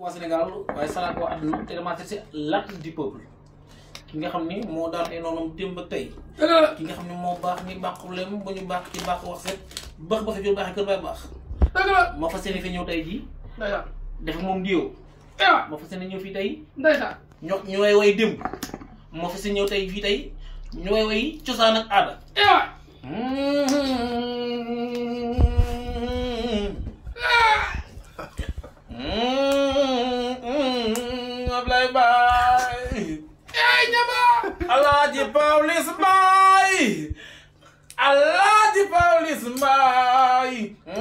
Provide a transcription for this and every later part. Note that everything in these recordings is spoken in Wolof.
waa Sénégal waaye salaat waa àdduna te dama si l'âme du peuple ki nga xam ni moo daan ay noonam démb ak tey ki nga xam ni moo baax ni baax problème ba ñu baax ci baax wax baax ba sa jur baax kër baay baax ma fas yéene fi ñëw tey jii dafa moom diw ma fas yéene ñëw fii tey ñu way way démb ma fas yéene ñëw tey fii tey ñu way way cosaan ak aada Alaaji Pawlish Mbaye Alaaji Pawlish Mbaye mm.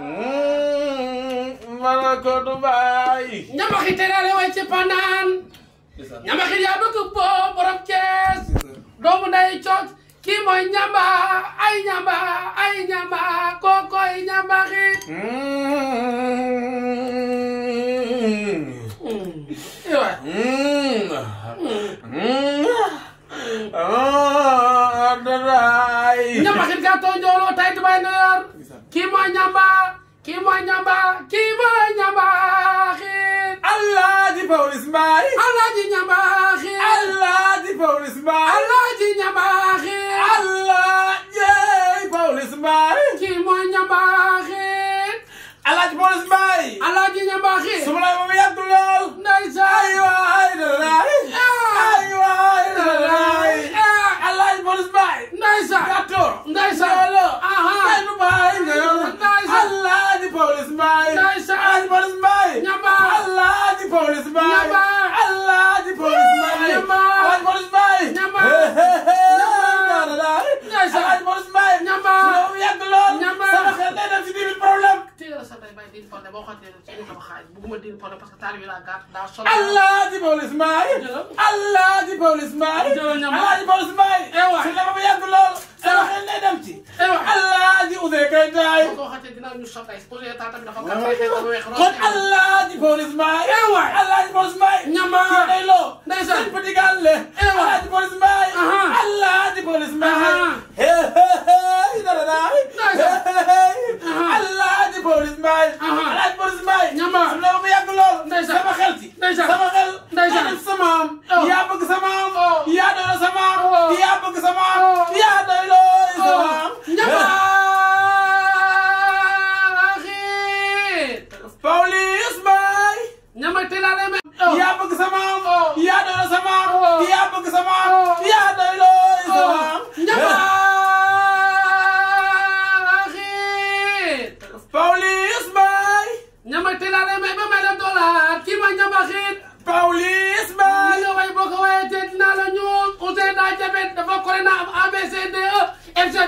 mm. Malakoto Mbaye ñamaxi teraale way ci panaan ñamaxi yaa bëgg boo borom Cees doomu nday coog kii mooy ñamba ay ñamba ay ñamba kookoy ñambaxi Alaaji Ñambaaxe Alaaji Pawlish Mbaye Alaaji Ñambaaxe Alaaji Pawlish Mbaye kii mooy Ñambaaxe Alaaji Pawlish Mbaye Alaaji Ñambaaxe su ma la moom yàgg lool ndeysaan ay waay dalaay ah. ay waay dalaay ah. ah. Alaaji Pawlish Mbaye ndeysaan gàtto ndeysaan lo aha ay nu baay nga Alaaji Pawlish Mbaye ndeysaan Alaaji Pawlish Mbaye Ñambaaxe police boy. diir fone boo xoolee delloo ci indi sama xaalis bugguma diir fone parce que taal bi laa gàtt daa sol. Alaaji Pawlish Mbaye. Alaaji Pawlish Mbaye. Alaaji Pawlish Mbaye. Eh aywa su dama ba yàgg lool. Eh aywa xel lay dem ci. Eh aywa Alaaji Ouzin Keita. boo ko waxatee dinaa ñu sotti ay projet taa tamit dafa. waaw waaw kon Alaaji Pawlish Mbaye. aywa Alaaji Pawlish Mbaye. ñamaa ci day loo. ndeysaan ci petit gàlle. aywa Alaaji Pawlish Mbaye. Alaaji Pawlish Mbaye.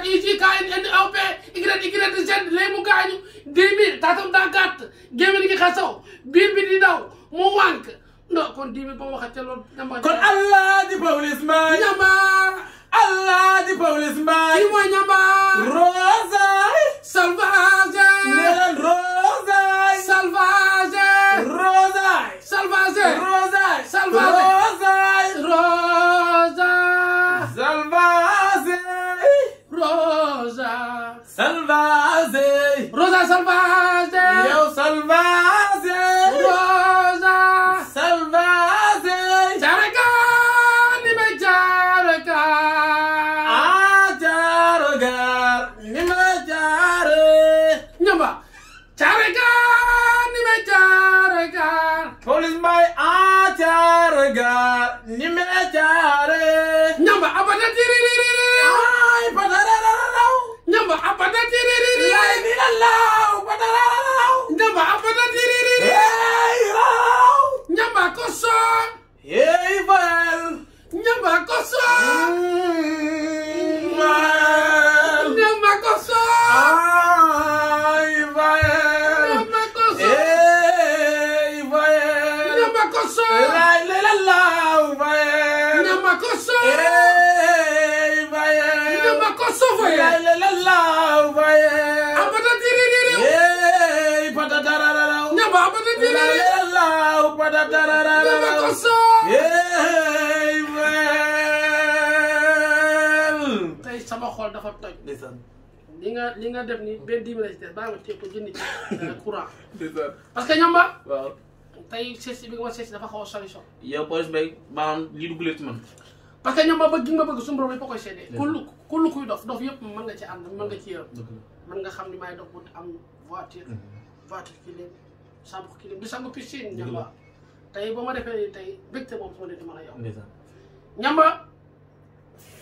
ak IJKN NOP YYZ lay mu gaañu dix mille tatam daa gàtt gémmiñ gi xasaw biir bi di daw mu wànk non kon dix mille ba mu waxat ca loolu. kon Alaaji Pawlish Mbaye. ñamaar Alaaji Pawlish Mbaye. kii mooy ñamaar. Salvase. Rosa Salvase. yow Salvase. Rosa. Salvase. Jaraka ni ma jaraka. ah jaraka ni ma jare. ñamba. Jaraka ni ma jaraka. police may ah jaraka ni ma jare. ñamba abada tiriri. ay bada. ko sool Bael dem ma ko sool ay Bael dem ma ko sool Bael dem ma ko sool lay lay la laaw Bael dem ma ko sool xol dafa toj. ndeysaan li nga li nga dem ni benn dix mille la ci des baa nga téye ko jënd ci euh, courant. parce que ñamba tey seet bi nga wax seet dafa xaw a solution. yow Pawlish Mbaye maanaam lii dugg leen ci man. parce que ñoom ba bëgg nga bëgg suñu borom yëpp a koy seedee. kullu kullu kuy dof dof yëpp mën nga ci ànd mën nga ci yërëm. mën nga xam ni maay dof bu am voiture. Mhm. voiture kilim sangu kilim du sangu piscine. ñamba tey ba ma defee tey bégte moom su ma leen di mën yow. ñamba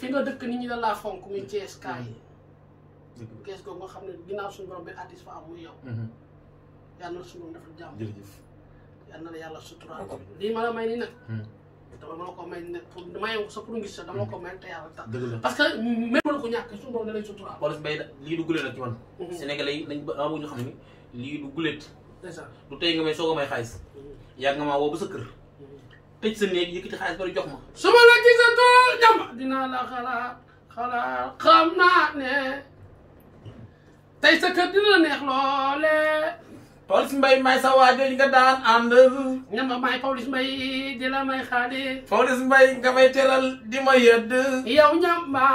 fi nga dëkk nit ñi la laa fonk muy Thiès kaay yi. Mm-hmm. Thiès googu nga xam ne ginnaaw suñu borom bi artiste fa am muy yow. Mm-hmm. yàlla na suñu borom defal jàmm. jërëjëf yàlla na la yàlla may nii nag. Mm-hmm. dama la ko may ne ko parce que même la ko ñàkk suñu borom da lay lii du guleet. du tey nga may soog a woo ba sa kër tëj sa néeg yëkkati xaalis bari jox ma. su ma la gisatoo ñama dinaa la xalaat xalaat xam naa ne tey sa kër dina neex loole. Pawlish Mbaye may sa waa nga daan ànd. ñama may Pawlish Mbaye di may xaalis. Pawlish Mbaye nga may teral di ma yëdd. yow ñam ba.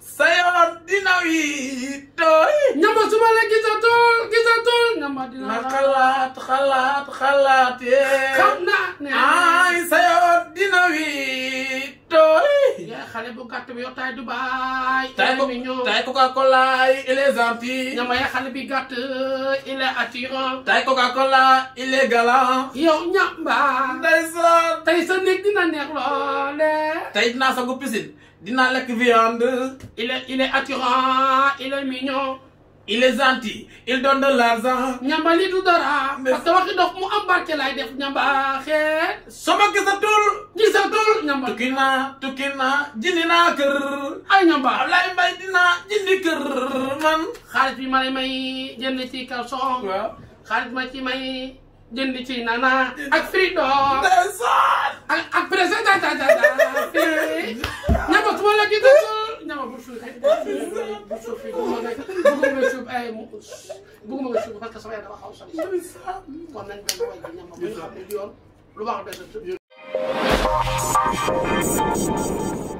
sayoon dinaw yi tooy. ñama eh. su ma la gisatul gisatul ñama dina la xalaat xalaat xalaat eh. yee. xam naa ne ay sayoon. xale bu gàtt bi yow taay Dubaay. taay ko taay Coca-Cola il est gentil. ñamay xale bi gàtt il est attirant. taay Coca-Cola il est galant. yow ñamba. ndeysaan. tey sa néeg dina neex loole. tey dinaa sangu piscine. dinaa lekk viande. il est il est attirant il est mignon. il est gentil il donne de l'argent. ñamba li du dara. parce que waxi dof mu am barke laay def ñamba xeet. sama gisatul. gisatul ñamba. tukki naa tukki naa jindi naa kër. ay ñamba Ablaye Mbaye dinaa jindi kër man. xaalis bi ma lay may jënd ci caleçon. waaw xaalis ma ci may jënd ci nana. ak frigo. ak ak président ñamba su ma la gisee bu suufee bu ma nekk bëgguma nga suuf ay bëgguma nga suuf parce que sama yaram dafa xaw a sori kon nañ benn way bi ñam ma ko xam ne yoon lu baax des